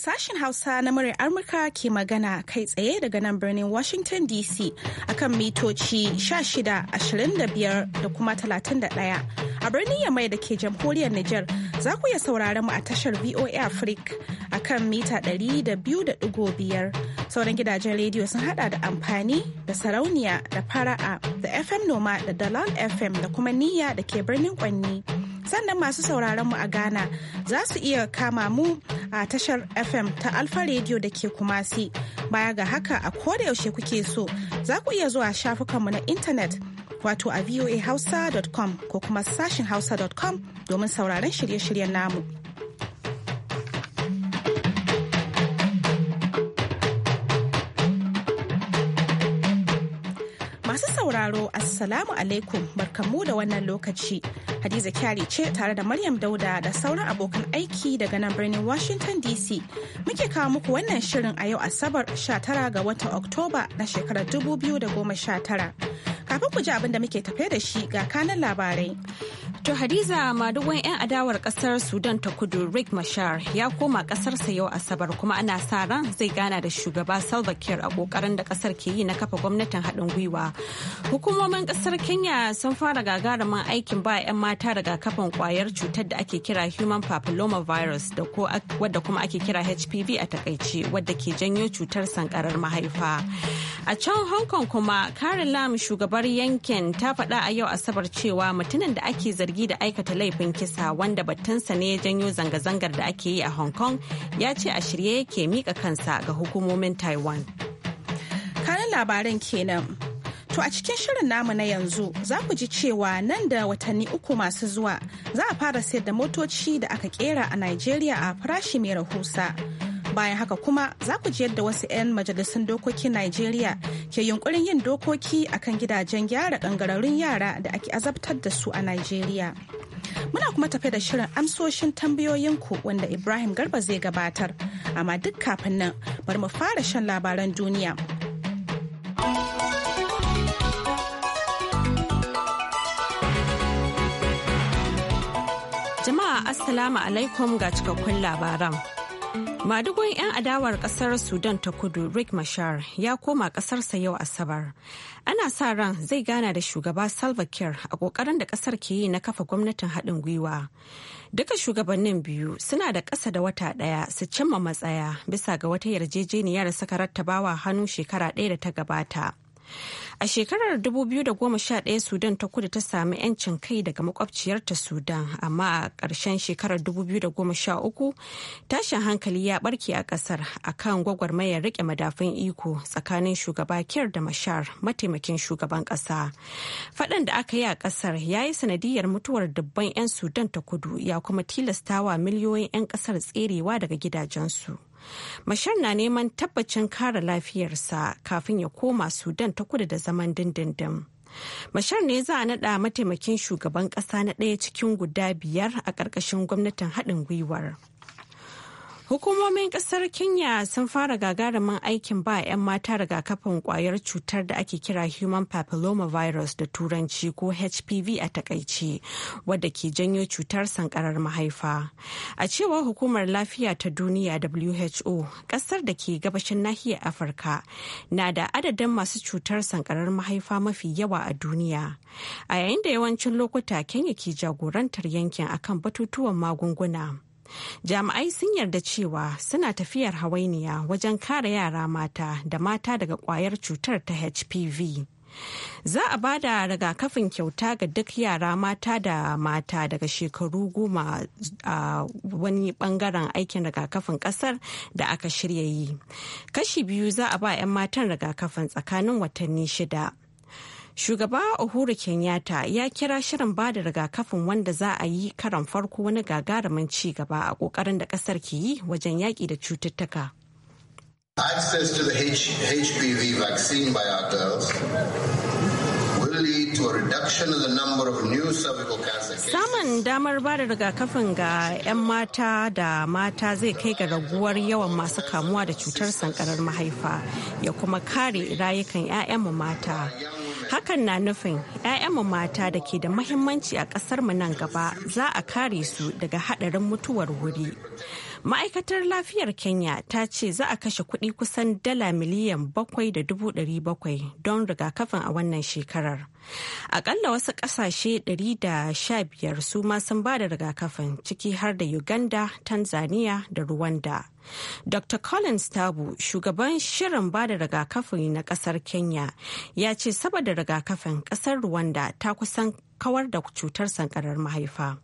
Sashen Hausa na murar Amurka ke magana kai tsaye daga nan birnin Washington DC a kan mitoci 16, 25 da kuma 31. A birnin Yamai da ke jamhuriyar Nijar za ku iya saurari mu a tashar VOA Africa a kan mita 200.5. Sauran gidajen rediyo sun hada da amfani da sarauniya da fara'a da FM Noma da Dalal FM da kuma niyya da ke birnin Kwanni. sannan masu sauraron mu a Ghana za su iya kama mu a tashar FM ta Alfa Radio da ke Kumasi. Baya ga haka a koda yaushe kuke so za ku iya zuwa shafukanmu na intanet wato a voahausa.com ko kuma sashin hausa.com domin sauraron shirye-shiryen namu. sauraro Assalamu alaikum barkamu da wannan lokaci. Hadiza Kyari ce tare da Maryam Dauda da sauran abokan aiki daga nan birnin Washington DC. Muke kawo muku wannan shirin a yau Asabar 19 ga watan Oktoba na shekarar 2019. Kafin ku ji abin da muke tafe da shi ga kanan labarai. To Hadiza maduwan 'yan adawar kasar Sudan ta kudu Rick Mashar ya koma kasarsa yau Asabar kuma ana sa ran zai gana da shugaba Salva Kiir a kokarin da kasar ke yi na kafa gwamnatin haɗin gwiwa. Hukumomin kasar Kenya sun fara gagarumin aikin ba 'yan mata daga rigakafin kwayar cutar da ake kira Human Papilloma Virus da wadda kuma ake kira HPV a takaice wadda ke janyo cutar sankarar mahaifa. A can Hong Kong kuma Karen Lam shugabar yankin ta faɗa a yau Asabar cewa mutumin da ake zargi zargi da aikata laifin kisa wanda batunsa ne ya janyo zanga-zangar da ake yi a Hong Kong ya ce a shirye yake mika kansa ga hukumomin Taiwan. Kayan labaran kenan. To a cikin shirin namu na yanzu za ku ji cewa nan da watanni uku masu zuwa za a fara sayar da motoci da aka kera a Najeriya a farashi mai rahusa bayan haka kuma za ku ji yadda wasu 'yan majalisun dokokin Najeriya ke yunkurin yin dokoki a kan gidajen gyara kangararrun yara da ake azabtar da su a Najeriya. Muna kuma tafe da shirin amsoshin tambayoyinku wanda Ibrahim Garba zai gabatar, amma duk kafin nan bari mu fara shan labaran duniya. Jama'a Assalamu alaikum ga cikakkun labaran. Madugun 'yan adawar kasar Sudan ta kudu Rick Mashar ya koma kasarsa yau Asabar. Ana sa ran zai gana da shugaba Salva Kiir a kokarin da kasar ke yi na kafa gwamnatin haɗin gwiwa. Duka shugabannin biyu suna da ƙasa da wata ɗaya su cimma matsaya bisa ga wata yarjejeniyar suka rattabawa hannu shekara ɗaya da ta gabata. A shekarar 2011 Sudan ta kudu ta sami 'yancin kai daga makwabciyarta Sudan, amma a ƙarshen shekarar 2013 tashin hankali ya barke a ƙasar a kan gwagwarmayar riƙe madafun iko tsakanin shugaba Kiyar da Mashar mataimakin shugaban ƙasa. Faɗan da aka yi a ƙasar ya yi sanadiyar mutuwar dubban 'yan Sudan ta kudu ya kuma tilastawa miliyoyin 'yan ƙasar tserewa daga gidajensu. Mashar na neman tabbacin kare lafiyarsa kafin ya koma Sudan ta kudu da zaman dindindin. Mashar ne za a naɗa mataimakin shugaban ƙasa na ɗaya cikin guda biyar a ƙarƙashin gwamnatin haɗin gwiwar. Hukumomin kasar Kenya sun fara gagarumin aikin ba 'yan mata rigakafin kwayar cutar da ake kira Human papilloma virus da Turanci ko HPV a takaice, wadda ke janyo cutar sankarar mahaifa. A cewar Hukumar Lafiya ta Duniya WHO, kasar da ke gabashin nahiyar Afirka na da adadin masu cutar sankarar mahaifa mafi yawa a duniya. A yayin da yawancin lokuta Kenya ke jagorantar yankin akan batutuwan magunguna. jami'ai sun yarda cewa suna tafiyar hawainiya wajen kare yara mata da mata daga kwayar cutar ta hpv za a ba da rigakafin kyauta ga duk yara mata da mata daga shekaru goma a wani bangaren aikin rigakafin kasar da aka shirya yi kashi biyu za a ba 'yan matan rigakafin tsakanin watanni shida Shugaba Uhuru Kenyatta ya kira shirin ba da rigakafin wanda za a yi karan farko wani gagarumin ci gaba a kokarin da kasar ke yi wajen yaƙi da cututtuka. Access to the HPV vaccine by our girls Samun damar ba da rigakafin ga 'yan mata da mata zai kai ga raguwar yawan masu kamuwa da cutar sankarar mahaifa ya kuma kare rayukan 'ya'yanmu mata. Hakan na nufin 'ya'yanmu mata da ke da mahimmanci a ƙasar mu nan gaba za a kare su daga haɗarin mutuwar wuri. ma'aikatar lafiyar kenya ta ce za a kashe kuɗi kusan dala miliyan bakwai da dubu ɗari bakwai don rigakafin a wannan shekarar akalla wasu ƙasashe ɗari da sha biyar su ma sun ba da rigakafin ciki har da uganda tanzania da rwanda Dr. Collins Tabu, shugaban shirin ba da rigakafi na kasar Kenya, ya ce saboda rigakafin kasar Rwanda ta kusan kawar da cutar sankarar mahaifa.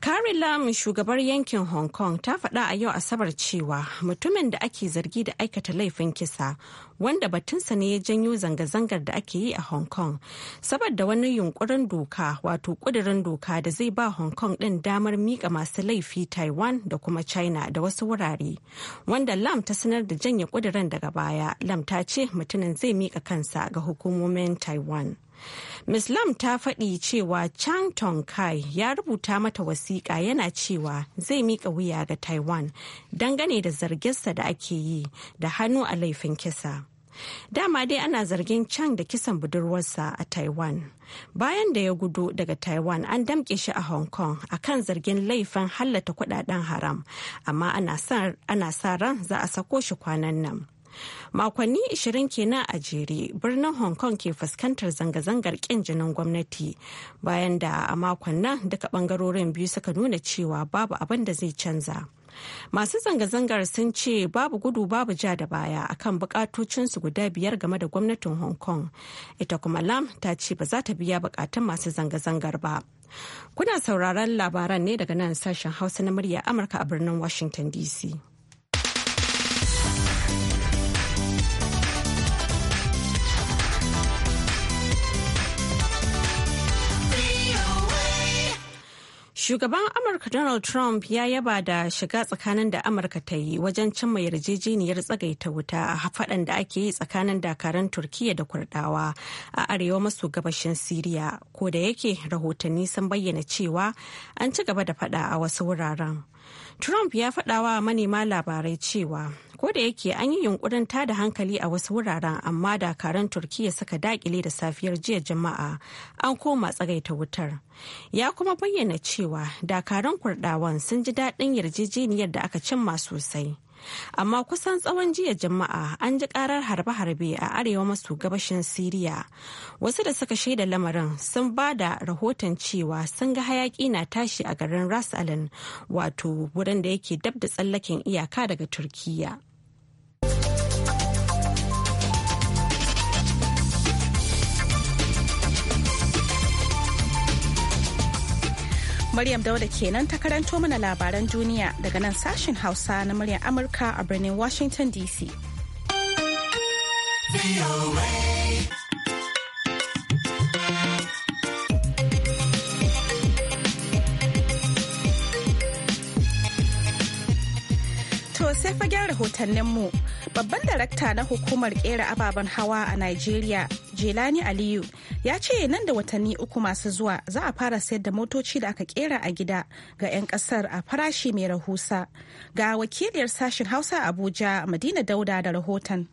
Carrie Lam shugabar yankin Hong Kong ta faɗa a yau Asabar cewa mutumin da ake zargi da aikata laifin kisa wanda batunsa ne ya janyo zanga-zangar da ake yi a Hong Kong saboda wani yunkurin doka wato ƙudurin doka da zai ba Hong Kong ɗin damar miƙa masu laifi Taiwan da kuma China da wasu wurare wanda Lam ta sanar da janye ƙudurin daga baya Lam ta ce mutumin zai mika kansa ga hukumomin Taiwan. Ms. Lam ta faɗi cewa Chang Tong Kai ya rubuta mata wasiƙa yana cewa zai miƙa wuya ga Taiwan dangane da zarginsa da ake yi da hannu a laifin kisa. Dama dai ana zargin Chang da kisan budurwarsa a Taiwan. Bayan da ya gudu daga Taiwan an damƙe shi a Hong Kong akan zargin laifin hallata kudaden haram, amma ana sa ran za a sako shi kwanan nan. makonni 20 kenan a jere birnin hong kong ke fuskantar zanga-zangar kin jinin gwamnati bayan da a makon nan duka bangarorin biyu suka nuna cewa babu abin da zai canza masu zanga-zangar sun ce babu gudu babu ja da baya akan bukatocinsu guda biyar game da gwamnatin hong kong ita kuma lam ta ce ba za ta biya bukatun masu zanga-zangar ba kuna sauraron labaran ne daga nan sashen hausa na murya amurka a birnin washington dc Shugaban Amurka Donald Trump ya yaba da shiga tsakanin da Amurka ta yi wajen cimma yarjejeniyar tsagaita wuta a faɗan da ake yi tsakanin dakaran Turkiyya da Kurdawa a arewa maso gabashin Siriya, ko da yake rahotanni sun bayyana cewa an ci gaba da faɗa a wasu wuraren. Trump ya faɗa wa manema labarai cewa ko da yake an yi yunkurin tada hankali a wasu wuraren amma dakaran Turkiyya suka dakile da safiyar jiya jama'a an koma tsagaita wutar. Ya kuma bayyana cewa dakaran kurdawan sun ji daɗin yarjejeniyar da aka cimma sosai. amma kusan tsawon jiya jama'a an ji karar harbe-harbe a arewa maso gabashin siriya wasu da suka shaida lamarin sun ba da rahoton cewa sun ga hayaki na tashi a garin ras alin wato wurin da yake dab da tsallaken iyaka daga Turkiyya. Maryam Dauda kenan ta karanto mana labaran duniya daga nan sashen Hausa na muryar Amurka a birnin Washington DC. To sai fagen rahotanninmu babban darakta na hukumar kera ababen hawa a Nigeria Jelani Aliyu ya ce nan da watanni uku masu zuwa za a fara sayar da motoci da aka kera a gida ga 'yan kasar a farashi mai rahusa. Ga wakiliyar sashen Hausa Abuja Madina Dauda da rahoton.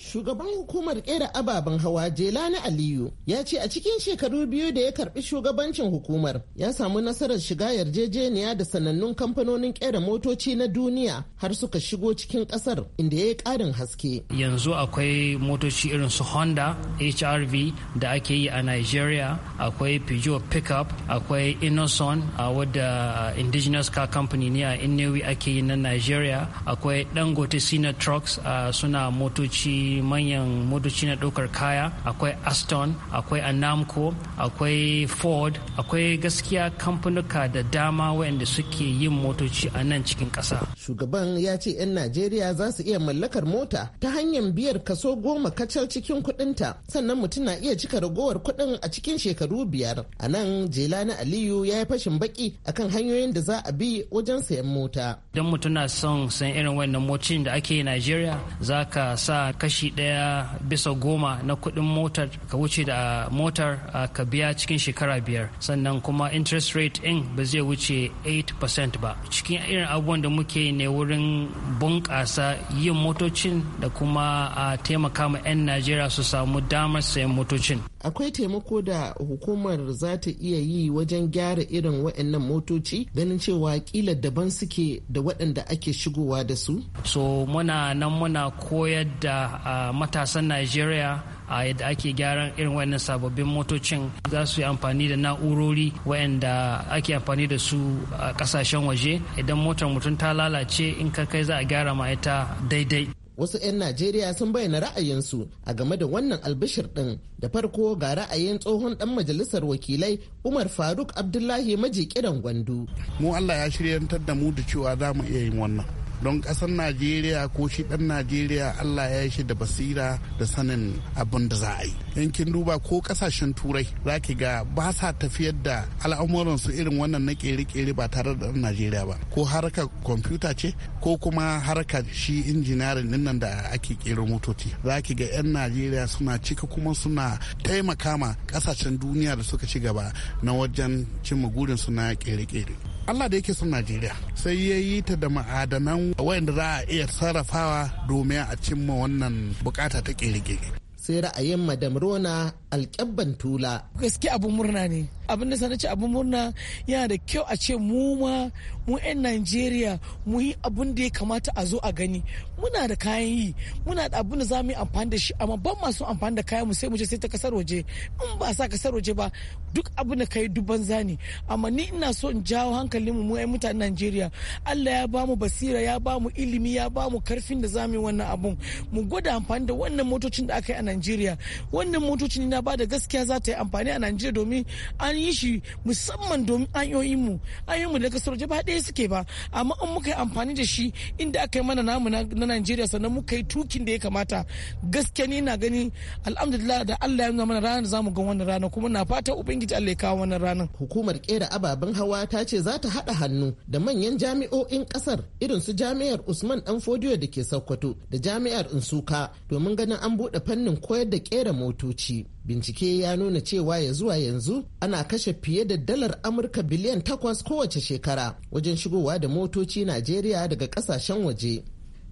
Shugaban hukumar kera ababen hawa Jelani Aliyu ya ce a cikin shekaru biyu da ya karbi shugabancin hukumar ya samu nasarar shiga yarjejeniya da sanannun kamfanonin kera motoci na duniya har suka shigo cikin kasar inda ya yi karin haske. Yanzu akwai motoci irin su Honda, HRV da ake yi a Nigeria, akwai Peugeot pickup, akwai Innoson a wadda uh, indigenous car company ne a Inewi ake yi na Nigeria, akwai Dangote Sina Trucks uh, suna motoci manyan motoci na ɗaukar kaya akwai aston akwai anamco akwai ford akwai gaskiya kamfanuka da dama waɗanda suke yin motoci a nan cikin ƙasa shugaban ya ce 'yan najeriya za su iya mallakar mota ta hanyar biyar kaso goma kacal cikin kuɗinta sannan mutum na iya cika ragowar kuɗin a cikin shekaru biyar a nan jela na aliyu ya yi fashin baki akan hanyoyin da za a bi wajen sayan mota idan mutum na son san irin wannan motocin da ake najeriya za ka sa kashi kashi ɗaya bisa goma na kuɗin motar ka wuce da ah, motar ah, ka biya cikin shekara biyar sannan kuma interest rate in ba zai wuce 8% ba cikin irin abubuwan da muke ne wurin bunƙasa yin motocin da kuma a ah, taimaka ma 'yan najeriya su samu damar sayan motocin akwai taimako da hukumar za ta iya yi wajen gyara irin waɗannan motoci ganin cewa kila daban suke da waɗanda ake shigowa da su so muna nan muna koyar da uh, matasan nigeria a ah, yadda ake gyaran irin wannan sababbin motocin za su yi amfani da na'urori wayanda ake amfani da su a kasashen waje idan motar mutum ta lalace in ka kai za a gyara ma ita daidai wasu 'yan najeriya sun bayyana ra'ayinsu a game da wannan albishir ɗin da farko ga ra'ayin tsohon ɗan majalisar wakilai umar faruk abdullahi maji kiran gwandu mu allah ya shiryantar da mu da cewa za mu iya yin wannan don ƙasar najeriya ko shi ɗan najeriya allah ya yi shi da basira da sanin abin da za a yi in kin duba ko kasashen turai za ki ga ba sa tafiyar da al'amuransu irin wannan na ƙere-ƙere ba tare da najeriya ba ko harkar kwamfuta ce ko kuma harka shi injiniyarin din nan da ake ƙera motoci za ki ga 'yan najeriya suna cika kuma suna taimaka ma ƙasashen duniya da suka ci gaba na wajen cimma burinsu na ƙere-ƙere Allah da yake son Najeriya sai ya yi ta da ma'adanan wayanda za a iya sarrafawa domin a cimma wannan bukata ta ƙirƙiri. Sai ra'ayin Madam Rona alƙyabban tula. Gaske abun murna ne. Abin da sanace abun murna yana da kyau a ce mu ma mu 'yan Najeriya mu yi abun da ya kamata a zo a gani. Muna da kayan yi, muna da abin da za mu yi amfani da shi amma ban masu amfani da kayan mu sai mu je sai ta kasar waje. In ba sa kasar waje ba duk abin da kai duban zani. Amma ni ina so in jawo hankalin mu mu 'yan mutanen Najeriya. Allah ya ba mu basira, ya ba mu ilimi, ya ba mu karfin da za mu yi wannan abun. Mu gwada amfani da wannan motocin da aka yi a Najeriya. Wannan motocin na ba da gaskiya za ta yi amfani a Najeriya domin an yi shi musamman domin an an mu yi mu da kasar ba ɗaya suke ba amma an muka yi amfani da shi inda aka yi mana namu na Najeriya sannan muka yi tukin da ya kamata gaskiya ni na gani alhamdulillah da Allah ya nuna mana ranar za mu ga wannan rana kuma na fata ubangiji Allah ya kawo wannan ranar hukumar kera ababen hawa ta ce za ta haɗa hannu da manyan jami'o'in kasar irin su jami'ar Usman Dan Fodiyo da ke Sokoto da jami'ar Nsuka domin ganin an buɗe fannin koyar da kera motoci bincike ya nuna cewa ya zuwa yanzu ana kashe fiye da dalar amurka biliyan takwas kowace shekara wajen shigowa da motoci najeriya daga kasashen waje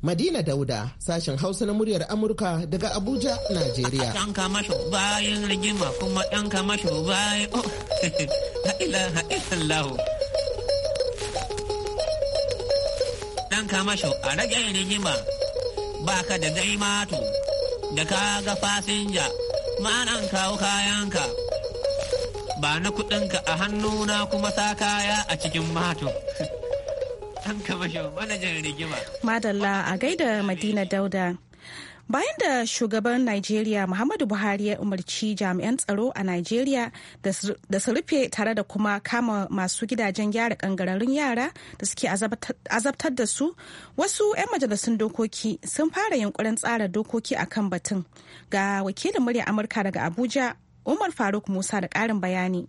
madina dauda sashen hausa na muryar amurka daga abuja najeriya yan rigima ba ka da gaimatu da ka ga fasinja ma'anan kawo kayanka ba na kuɗinka a hannuna kuma sa kaya a cikin mato an kama shi manajan rigima madalla a gaida madina dauda bayan da shugaban Najeriya Muhammadu Buhari ya umarci jami'an tsaro a Najeriya da su rufe tare da kuma kama masu gidajen gyara kangararrun yara da suke azabtar da su wasu 'yan majalisun dokoki sun fara yunkurin tsara dokoki a kan batun ga wakilin murya Amurka daga Abuja Umar Faruk Musa da ƙarin bayani.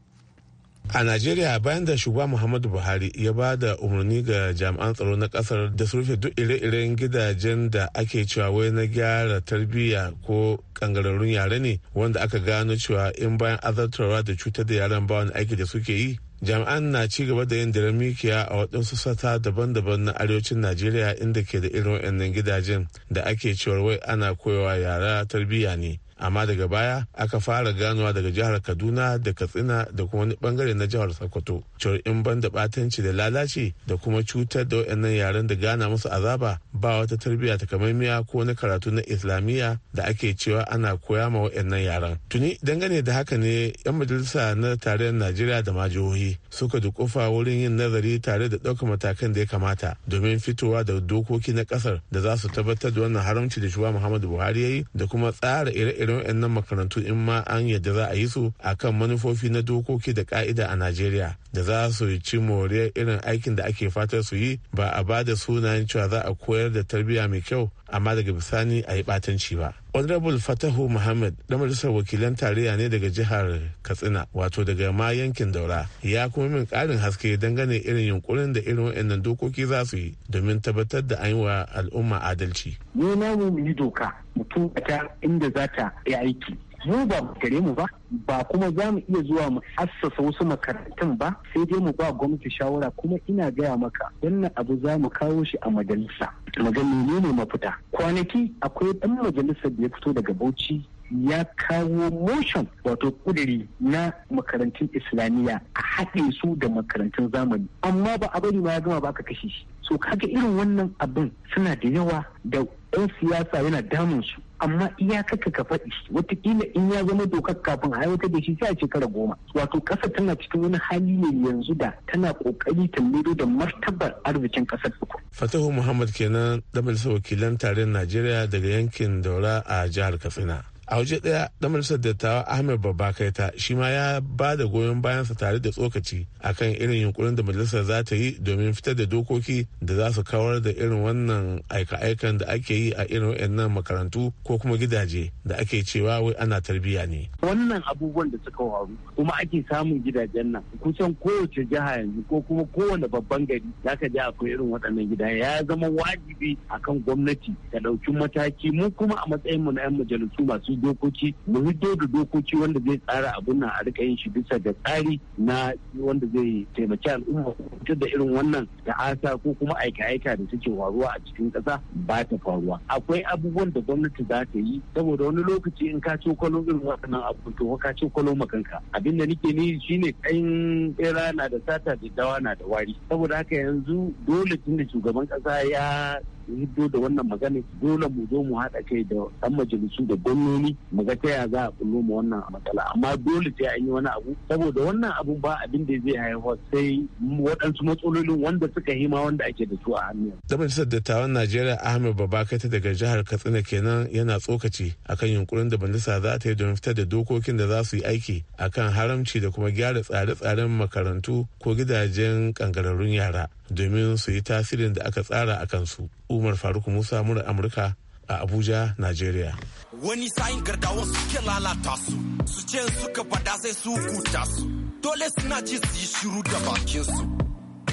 a najeriya bayan da shugaba muhammadu buhari ya ba da umarni ga jami'an tsaro na kasar da su rufe duk ire-iren gidajen da ake cewa wai na gyara tarbiyya ko kangararrun yare ne wanda aka gano cewa in bayan azartarwa da cutar da yaran bawan aiki da suke yi jami'an na ci gaba da yin daren mikiya a waɗansu sata daban-daban na arewacin najeriya inda ke da irin waɗannan gidajen da ake cewa wai ana koyawa yara tarbiyya ne amma daga baya aka fara ganowa daga jihar kaduna da katsina da kuma wani bangare na jihar sokoto cewar in ban da batanci da lalaci da kuma cutar da waɗannan yaren da gana musu azaba ba wata tarbiyya takamaimiya ko na karatu na islamiyya da ake cewa ana koya ma waɗannan yaren tuni dangane da haka ne yan majalisa na tarayyar najeriya da ma jihohi suka dukufa wurin yin nazari tare da ɗaukar matakan da ya kamata domin fitowa da dokoki na ƙasar da za su tabbatar da wannan haramci da shugaba muhammadu buhari ya yi da kuma tsara ire-iren ire 'yan nan makarantu in ma an yadda za a yi su a kan manufofi na dokoki da ka'ida a Najeriya da za su ci moriyar irin aikin da ake fatar su yi ba a ba da sunayen cewa za a koyar da tarbiyya mai kyau amma daga bisani a yi batanci ba. honorable fatahu muhammad na majalisar wakilan tarayya ne daga jihar katsina wato daga ma yankin daura ya kuma min karin haske dangane irin yunkurin da irin wa'annan dokoki za su yi domin tabbatar da an yi wa al'umma adalci. Ni na mu yi doka mutum ta inda za ta yi aiki mu ba gare mu ba ba kuma za mu iya zuwa mu assasa wasu makarantun ba sai dai mu ba gwamnati shawara kuma ina gaya maka wannan abu za mu kawo shi a majalisa magana ne mafita kwanaki akwai ɗan majalisar da ya fito daga bauchi ya kawo motion wato kudiri na makarantun islamiyya a haɗe su da makarantun zamani amma ba a bari ma ya gama ba ka kashe shi so kaga irin wannan abin suna da yawa da 'yan siyasa yana damun su amma iyakaka ka faɗi watakila in ya zama dokar kafin a aiwatar da shi sai a shekara goma wato ƙasa tana cikin wani hali ne yanzu da tana ƙoƙari ta miro da martabar arzikin ƙasar uku. fatahu muhammad kenan da wakilan tarin najeriya daga yankin daura a jihar katsina. a waje daya dan majalisar dattawa ahmed babba kaita shi ma ya ba da goyon bayansa tare da tsokaci akan irin yunkurin da majalisar za ta yi domin fitar da dokoki da za su kawar da irin wannan aika-aikan da ake yi a irin wannan makarantu ko kuma gidaje da ake cewa wai ana tarbiyya ne wannan abubuwan da suka waru kuma ake samun gidajen nan kusan kowace jiha yanzu ko kuma kowane babban gari za ka ji akwai irin waɗannan gida ya zama wajibi akan gwamnati ta ɗauki mataki mu kuma a matsayin mu na 'yan majalisu masu dokoki mu hiddo da dokoki wanda zai tsara abun nan a rika yin shi bisa ga tsari na wanda zai taimaki al'umma fitar da irin wannan ta'asa ko kuma aika-aika da suke waruwa a cikin ƙasa ba ta faruwa akwai abubuwan da gwamnati za ta yi saboda wani lokaci in ka ci kwalo irin waɗannan abu to ka ci kwalon makanka abin da nake ni shine kayan bera na da sata da dawa na da wari saboda haka yanzu dole tun da shugaban ƙasa ya hiddo da wannan magana dole mu zo mu haɗa kai da ɗan majalisu da gwamnoni mu ga ta za a kullo mu wannan matsala amma dole sai an yi wani abu saboda wannan abu ba abin da zai haihuwa sai waɗansu matsalolin wanda suka hima wanda ake da su a hannu. Da majalisar dattawan Najeriya Ahmed Babakata daga jihar Katsina kenan yana tsokaci akan yunkurin da bandisa za ta yi don fitar da dokokin da za su yi aiki akan haramci da kuma gyara tsare-tsaren makarantu ko gidajen kankararrun yara. domin su yi tasirin da aka tsara a kansu umar faruk musa mura amurka a abuja nigeria wani sayin gardawan suke lalata su su ce suka fada sai su kuta su dole suna ji su yi shiru da bakinsu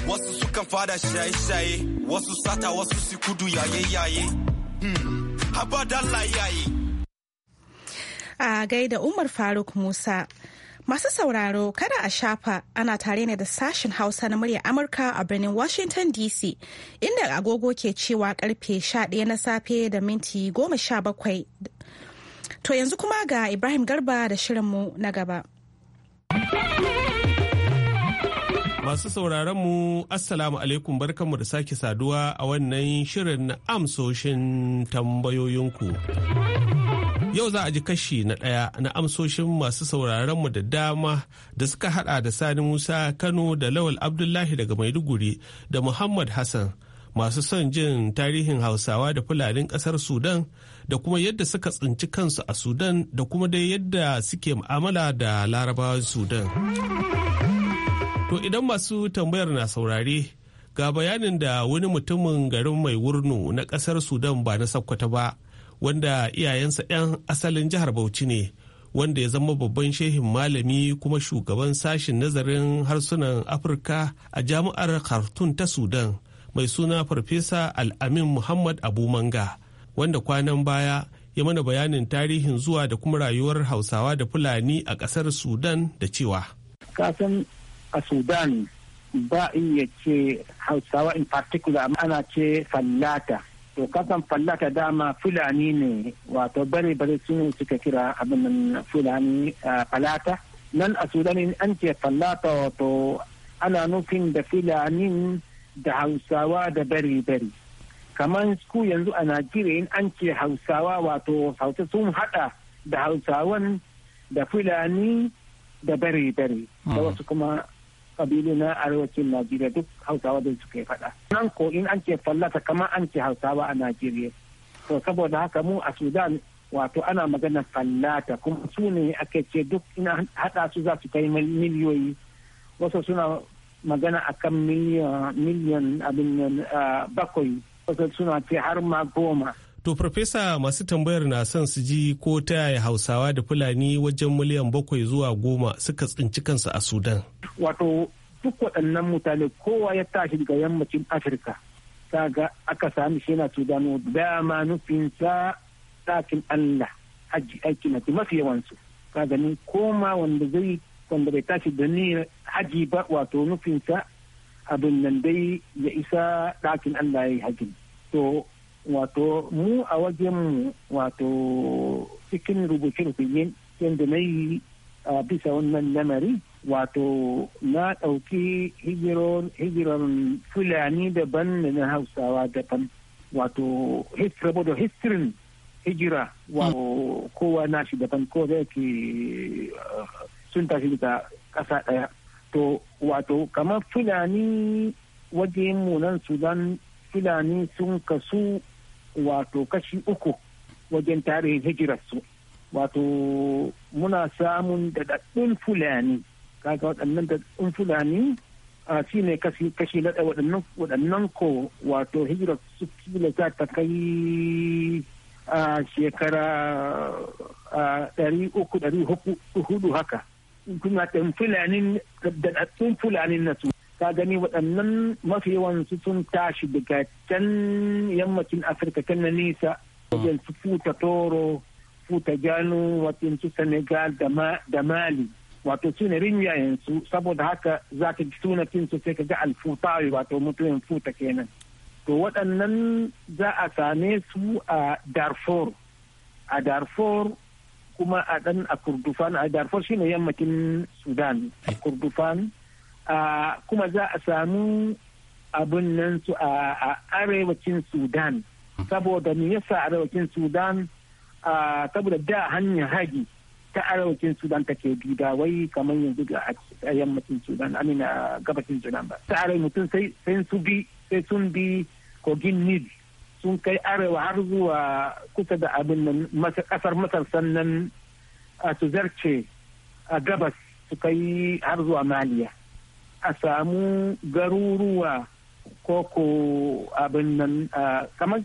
wasu sukan fada shaye-shaye wasu sata wasu su kudu yaye-yaye hmm. habadalla yaye a gaida umar faruk musa Masu sauraro kada a shafa ana tare ne da sashen Hausa na murya Amurka a birnin Washington DC inda agogo ke cewa karfe 11 na safe da minti 17. To yanzu kuma ga Ibrahim Garba da shirinmu na gaba. Masu sauraron mu Assalamu alaikum barkanmu da sake saduwa a wannan shirin amsoshin tambayoyinku. Yau za a ji kashi na ɗaya na amsoshin masu sauraronmu da dama da suka haɗa da Sani Musa Kano da Lawal Abdullahi daga Maiduguri da Muhammad Hassan masu son jin tarihin Hausawa da Fulanin ƙasar Sudan da kuma yadda suka tsinci kansu a Sudan da kuma dai yadda suke mu'amala da Larabawan Sudan. To idan masu tambayar na saurare ga bayanin da wani mutumin garin mai wurnu na ƙasar Sudan ba na sakkwata ba. wanda iyayensa 'yan asalin jihar Bauchi ne wanda ya zama babban shehin malami kuma shugaban sashen nazarin harsunan Afirka a jami'ar Khartoum ta Sudan mai suna Farfesa Al'amin Muhammad Abu Manga wanda kwanan baya ya mana bayanin tarihin zuwa da kuma rayuwar Hausawa da Fulani a ƙasar Sudan da cewa. Kasan a Sudan ba in ce Hausawa in particular ana ce fallata to kasan fallaka dama fulani ne wato bare bare su ne suka kira abin nan fulani falata nan a sudanin an ce fallata wato ana nufin da fulanin da hausawa da bare bare kamar ku yanzu a najeriya in an ce hausawa wato hausa sun hada da hausawan da fulani da bare bare da hmm. wasu kuma kabilu na arewacin najeriya duk hausawa da suka yi faɗa nan ko in an ce fallata kama an ce hausawa a najeriya to saboda haka mu a sudan wato ana magana fallata kuma su ne ake ce duk ina hada su za su kai miliyoyi wasu suna magana akan miliyan abin ah, bakwai wasu suna ce har ma goma To farfesa masu tambayar na son su ji ko ta yaya hausawa da fulani wajen miliyan bakwai zuwa goma suka tsinci kansu a Sudan. Wato duk waɗannan mutane kowa ya tashi daga yammacin Afirka. Kaga aka sami shi na Sudano dama nufinsa ɗakin Allah hajji aiki na mafi yawansu. Kaga ni koma wanda zai wanda bai tashi da ni aji ba wato nufinsa abin nan dai ya isa ɗakin Allah ya yi hajji. To wato mu a wajen wato cikin rubuce-rubuce yadda na yi a bisa wannan lamari wato na ɗauki hijiron fulani daban da na hausawa daban wato saboda histirin hijira wato kowa nashi daban ko zai ke eh, sun tashi daga ƙasa ɗaya to wato kamar fulani wajen munan sudan fulani sun kasu wato kashi uku wajen tarihin hijirarsu wato muna samun daɗaɗɗun fulani kaga waɗannan daɗaɗɗun fulani shi ne kashi kashi na waɗannan ko wato hijirar su kila za ta kai a shekara ɗari uku ɗari hudu haka kuma ɗan da daɗaɗɗun fulani na su ka gani waɗannan mafi yawansu sun tashi daga can yammacin afirka can na nisa wajen su futa toro futa gano wajen su senegal da mali wato su ne rinjayen su saboda haka za ka ji sunatin su sai ka ga alfutawi wato mutumin futa kenan to waɗannan za a same su a darfur a darfur kuma a ɗan a kurdufan a darfur shine yammacin sudan a kurdufan kuma za a samu abin nan su a arewacin sudan saboda me yasa arewacin sudan saboda da hanyar hagi ta arewacin sudan take bi ba wai kamar yanzu ga yammacin sudan amina gabacin sudan ba ta arewa mutum sai su bi sai sun bi kogin nil sun kai arewa har zuwa kusa da abin nan kasar masar sannan su zarce a gabas su kai har zuwa maliya a samu garuruwa koko abin nan kamar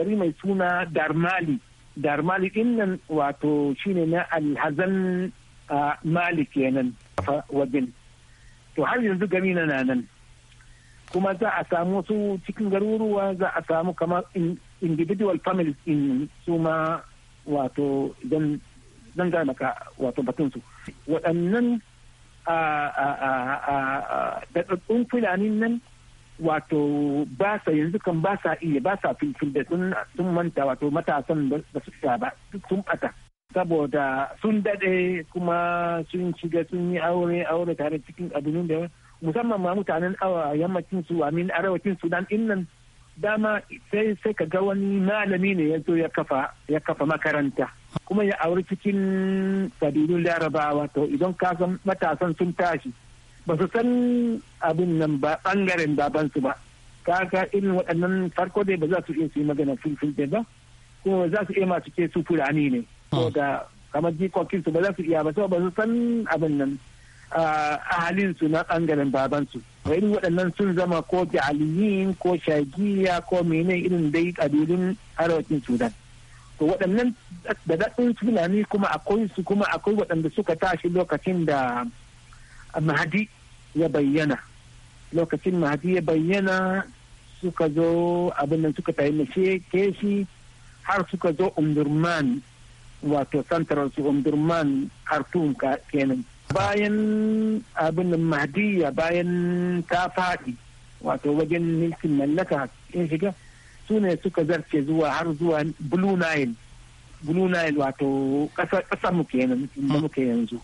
gari mai suna darmali darmali din nan wato shine na alhazan mali kenan wajen to har yanzu gari na nan kuma za a samu su cikin garuruwa za a samu kamar individual families in su ma wato idan zan gane maka wato batunsu waɗannan daɗaɗɗun fulani nan wato ba sa yanzu kan ba sa iya ba sa filfil da sun manta wato matasan da su ba sun bata saboda sun daɗe kuma sun shiga sun yi aure aure tare cikin abinin da musamman ma mutanen awa yammacin su amin arewacin sudan nan dama sai sai ka ga wani malami ne ya zo ya kafa ya kafa makaranta kuma ya auri cikin kabilun larabawa to idan ka san matasan sun tashi ba su san abin nan ba bangaren babansu ba Kaka irin waɗannan farko dai ba za su iya su yi magana fulfulde ba kuma za su iya masu ke su fulani ne ah. ko da kamar jikokinsu ba za su iya ba saboda ba su san abin nan halin su na bangaren babansu ba irin waɗannan sun zama ko jaliyin ko shagiya ko mene irin dai kabilun arewacin sudan to waɗannan da daɗin fulani kuma akwai su kuma akwai waɗanda suka tashi lokacin da mahadi ya bayyana lokacin mahadi ya bayyana suka zo abin da suka taimake shi har suka zo umdurman wato central su umdurman khartoum kenan bayan abin ya bayan ta faɗi wato wajen milkin mallaka in shiga su ne suka zarce zuwa har zuwa blue nile blue wato ƙasar muke hmm. muke yanzu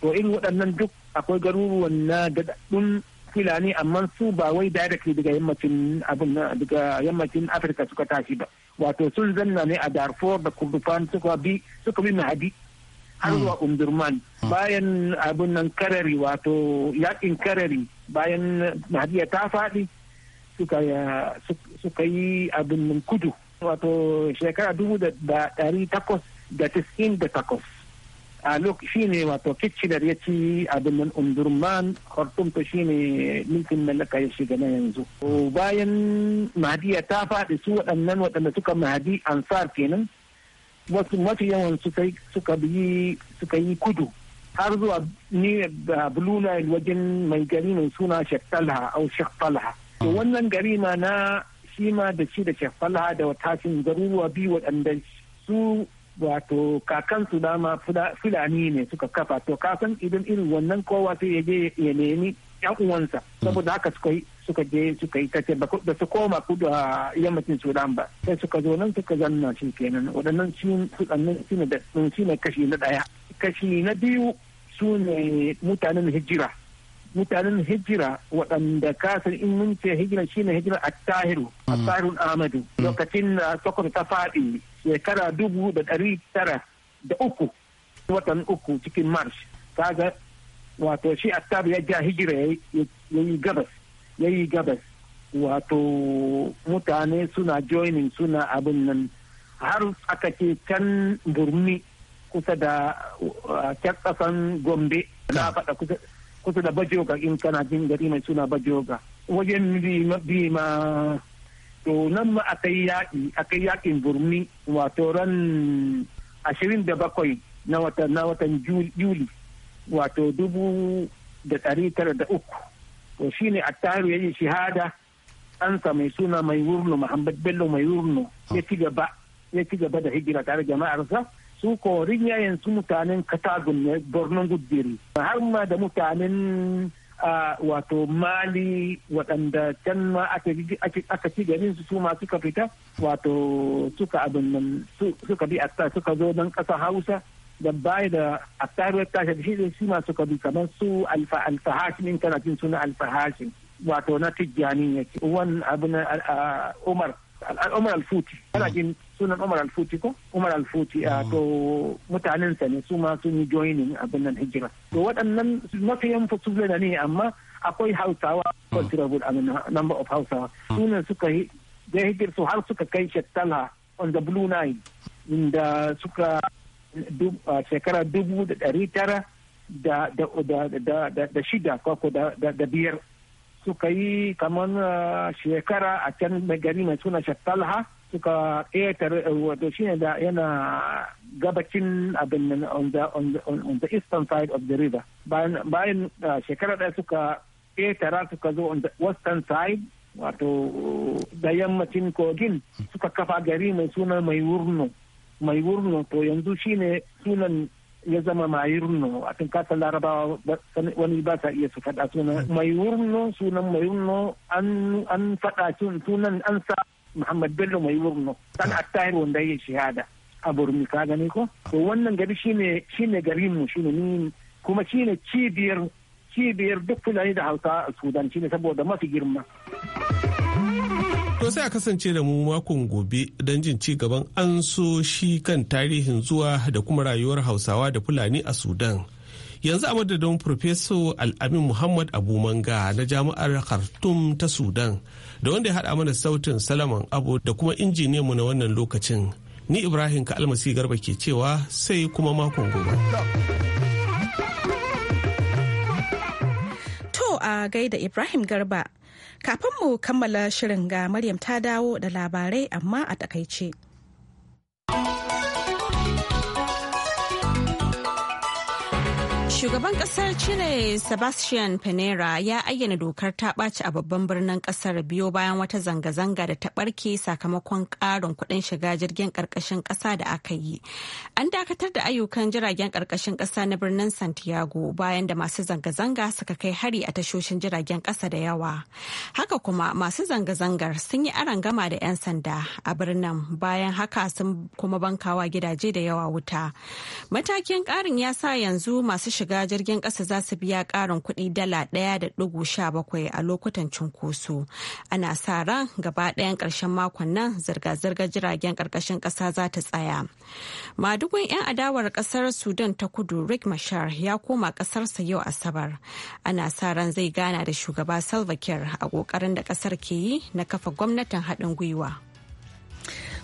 to irin waɗannan duk akwai garuruwan na daɗaɗɗun filani amma su ba wai directly daga yammacin abin daga yammacin afirka suka tashi ba wato sun zanna ne a darfur da kurdufan suka bi suka bi mahadi har hmm. zuwa umdurman hmm. bayan abin nan karari wato yakin karari bayan mahadi ya ta faɗi suka yi a birnin kudu wato shekara dubu da dari takwas da tisin da takwas a lokaci ne wato kiccilar ya ci a birnin umdurman khartoum to shine mulkin mallaka ya shiga na yanzu bayan ya ta faɗi su waɗannan waɗanda suka mahadi ansar kenan wasu mafi yawan suka yi kudu har zuwa ni da blue nile wajen mai gari mai suna shaktalha au shaktalha wannan gari ma na kima da shi da Shafala da tashin garuruwa biyu waɗanda su wato kakansu dama fulani ne suka kafa to kasan idan irin wannan kowa sai ya je ya nemi yan uwansa saboda haka suka yi suka je suka yi ce ba su koma kudu a yammacin sudan ba sai suka zo nan suka zanna shi kenan waɗannan shi ne kashi na ɗaya kashi na biyu su ne mutanen hijira mutanen hijira waɗanda kasar in mun ce hijira shine hijira a tahiru mm. a tahirun amadu mm. lokacin da sokoto ta faɗi shekara dubu da ɗari tara da uku watan uku cikin march kaga wato shi attaru ya ja hijira ya yi gabas ya yi gabas wato mutane suna joinin suna abin nan har aka ce can burmi kusa da uh, can gombe na faɗa kusa kusa da bajoga in kana jin gari mai suna bajoga wajen bima to nan ma aka yi yaƙi aka yi yaƙin burmi wato ran ashirin da bakwai na watan na watan yuli wato dubu da ɗari tara da uku to ne a ya yi shahada ansa mai suna mai wurno muhammad bello mai wurno ya ci gaba ya ci gaba da hijira tare jama'arsa su ko yayin su mutanen katagun ne borno gudiri har ma da mutanen wato mali waɗanda can ma aka ci garin su ma suka fita wato suka abin nan suka bi a suka zo don ƙasa hausa da baya da attaruwar tashi da shi da shi suka bi kamar su alfahashin in kana cin suna alfahashin wato na tijjani yake wani abu na umar al'umar alfuti kana jin sunan umar alfuti ko umar alfuti a ah, to mutanen ne su ma sun yi joining abin nan hijira to waɗannan mafiyan fulani ne amma akwai hausawa considerable mm. a number of hausawa mm. sunan suka yi da hijir su har suka kai shattala on the blue nile inda suka ah, shekara dubu da ɗari tara da shida ko da biyar suka yi kamar ah, shekara a can mai gari mai suna shattalha suka ƙetare eh, wato shine da yana gabacin abin nan on the, on the eastern side of the river bayan eh, shekara ɗaya suka ƙetara suka zo on the western side wato da yammacin kogin suka kafa gari mai suna mai wurno mai wurno to yanzu shine sunan ya zama wurno a tun kasa larabawa wani ba sa iya su faɗa sunan wurno sunan wurno an faɗa sunan an sa Muhammad Bello mai wurno dan attahir wanda yake shahada a Burmi ka gani ko to ah. wannan gari shine shine garin mu shine ni kuma shine cibiyar cibiyar duk Fulani da Hausa a Sudan shine saboda mafi girma To sai a kasance da mu makon gobe don jin ci gaban an so shi kan tarihin zuwa da kuma rayuwar Hausawa da Fulani a Sudan. yanzu a madadin profeso al'amin muhammad abu manga na jami'ar khartoum ta sudan da wanda ya haɗa mana sautin salaman abu da kuma mu na wannan lokacin ni ibrahim ka almasi garba ke cewa sai kuma makon gobe to a gaida ibrahim garba kafin mu kammala shirin ga maryam ta dawo da labarai amma a takaice. Shugaban kasar Chile Sebastian Pinera ya ayyana dokar ta ɓaci a babban birnin kasar biyo bayan wata zanga-zanga da ta ɓarke sakamakon ƙarin kuɗin shiga jirgin ƙarƙashin ƙasa da aka yi. An dakatar da ayyukan jiragen ƙarƙashin ƙasa na birnin Santiago bayan da masu zanga-zanga suka kai hari a tashoshin jiragen ƙasa da yawa. Haka kuma masu zanga-zangar sun yi gama da 'yan sanda a birnin bayan haka sun kuma bankawa gidaje da yawa wuta. Matakin ƙarin ya sa yanzu masu shiga shiga jirgin ƙasa za su biya ƙarin kuɗi dala ɗaya da ɗigo sha bakwai a lokutan cunkoso. Ana sa ran gaba ɗayan ƙarshen makon nan zirga zirga jiragen ƙarƙashin ƙasa za ta tsaya. Madugun 'yan adawar ƙasar Sudan ta kudu Rick Mashar ya koma ƙasarsa yau Asabar. Ana sa ran zai gana da shugaba Salva Kiir a ƙoƙarin da ƙasar ke yi na kafa gwamnatin haɗin gwiwa.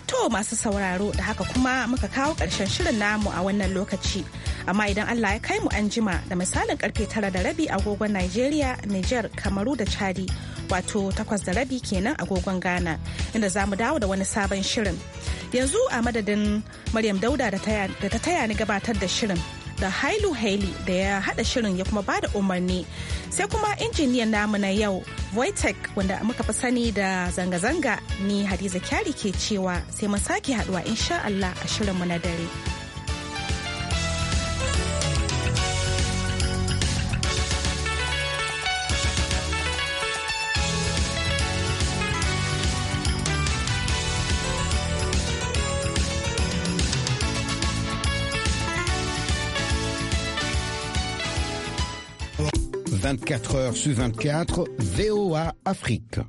To masu sauraro da haka kuma muka kawo ƙarshen shirin namu a wannan lokaci. Amma idan Allah ya kai mu an jima da misalin karfe tara da rabi agogon Najeriya Niger, Kamaru da Chadi, wato takwas da rabi kenan agogon Ghana, inda za mu dawo da wani sabon shirin. Yanzu a madadin Maryam Dauda da ta taya ni gabatar da shirin da Hailu Hailey da ya hada shirin ya kuma bada umarni. Sai kuma injiniyan namu na yau, Voitech wanda muka fi sani da zanga-zanga ni Hadiza Kyari ke cewa sai mu sake haduwa insha Allah a shirinmu na dare. 24 heures sur 24, VOA Afrique.